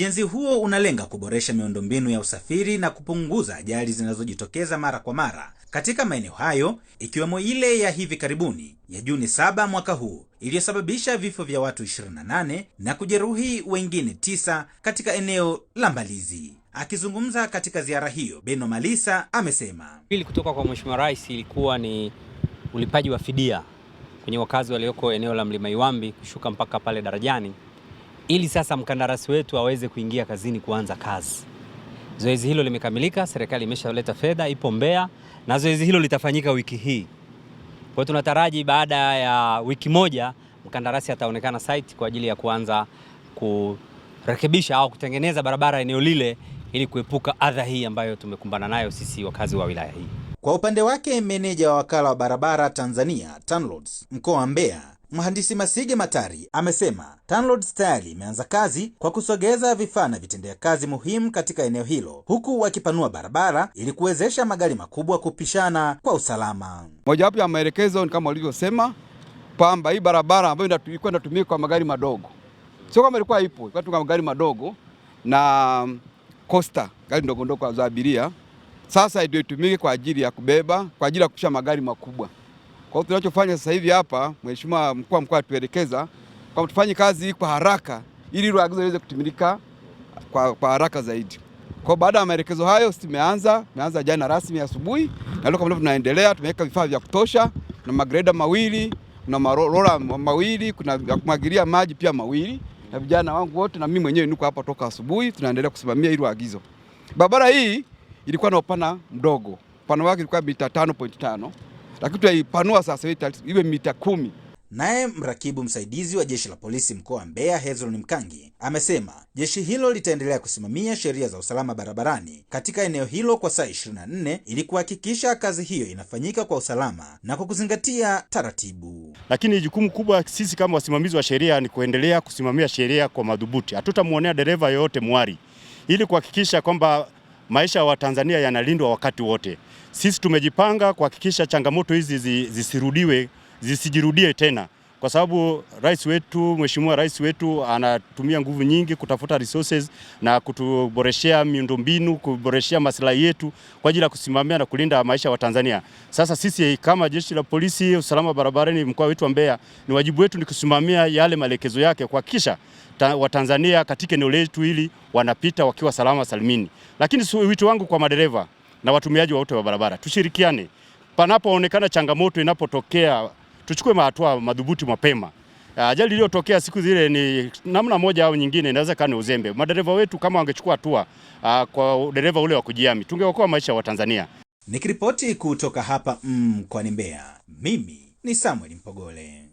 Ujenzi huo unalenga kuboresha miundombinu ya usafiri na kupunguza ajali zinazojitokeza mara kwa mara katika maeneo hayo, ikiwemo ile ya hivi karibuni ya Juni 7 mwaka huu iliyosababisha vifo vya watu 28 na kujeruhi wengine tisa katika eneo la Mbalizi. Akizungumza katika ziara hiyo, Beno Malisa amesema hili kutoka kwa Mheshimiwa Rais ilikuwa ni ulipaji wa fidia kwenye wakazi walioko eneo la Mlima Iwambi kushuka mpaka pale darajani ili sasa mkandarasi wetu aweze kuingia kazini kuanza kazi. Zoezi hilo limekamilika, serikali imeshaleta fedha, ipo Mbeya na zoezi hilo litafanyika wiki hii. Kwa hiyo tunataraji baada ya wiki moja mkandarasi ataonekana site kwa ajili ya kuanza kurekebisha au kutengeneza barabara eneo lile ili kuepuka adha hii ambayo tumekumbana nayo sisi wakazi wa wilaya hii. Kwa upande wake, meneja wa wakala wa barabara Tanzania TANROADS mkoa wa Mbeya Mhandisi Masige Matari amesema TANROADS tayari imeanza kazi kwa kusogeza vifaa na vitendea kazi muhimu katika eneo hilo huku wakipanua barabara ili kuwezesha magari makubwa kupishana kwa usalama. Mojawapo ya maelekezo ni kama walivyosema kwamba hii barabara ambayo ilikuwa inatumika kwa magari madogo, sio kama ilikuwa ipo, ilikuwa kwa magari madogo na kosta, um, gari ndogondogo za abiria, sasa ndio itumike kwa ajili ya kubeba, kwa ajili ya kupisha magari makubwa. Kwa hiyo tunachofanya sasa hivi hapa, Mheshimiwa mkuu wa mkoa atuelekeza kwa tufanye kazi kwa haraka ili hilo agizo liweze kutimilika kwa, kwa haraka zaidi. Kwa baada ya maelekezo hayo, sisi tumeanza tumeanza jana rasmi asubuhi, na leo kama tunaendelea, tumeweka vifaa vya kutosha na magreda mawili na marola mawili, kuna ya kumwagilia maji pia mawili, na vijana wangu wote na mimi mwenyewe niko hapa toka asubuhi, tunaendelea kusimamia hilo agizo. Barabara hii ilikuwa na upana mdogo, upana wake ilikuwa mita 5.5 lakini tuyaipanua sasa iwe mita kumi. Naye mrakibu msaidizi wa jeshi la polisi mkoa wa Mbeya Hezron Mkangi amesema jeshi hilo litaendelea kusimamia sheria za usalama barabarani katika eneo hilo kwa saa 24 ili kuhakikisha kazi hiyo inafanyika kwa usalama na kwa kuzingatia taratibu. Lakini jukumu kubwa sisi kama wasimamizi wa sheria ni kuendelea kusimamia sheria kwa madhubuti. Hatutamwonea dereva yoyote mwari ili kuhakikisha kwamba maisha ya Watanzania yanalindwa wakati wote. Sisi tumejipanga kuhakikisha changamoto hizi zisirudiwe, zisijirudie tena kwa sababu rais wetu, mheshimiwa rais wetu anatumia nguvu nyingi kutafuta resources na kutuboreshea miundombinu, kuboreshea maslahi yetu kwa ajili ya kusimamia na kulinda maisha wa Tanzania. Sasa sisi kama jeshi la polisi, usalama barabarani, mkoa wetu wa Mbeya, ni wajibu wetu ni kusimamia yale maelekezo yake, kuhakikisha Watanzania katika eneo letu hili wanapita wakiwa salama salimini. Lakini wito wangu kwa madereva na watumiaji wote wa barabara, tushirikiane panapoonekana changamoto inapotokea tuchukue hatua madhubuti mapema. Eh, ajali iliyotokea siku zile ni namna moja au nyingine, inaweza ni uzembe. Madereva wetu kama wangechukua hatua ah, kwa udereva ule wa kujiami, tungeokoa maisha ya Watanzania. Nikiripoti kutoka hapa mkoani mm, Mbeya, mimi ni Samuel Mpogole.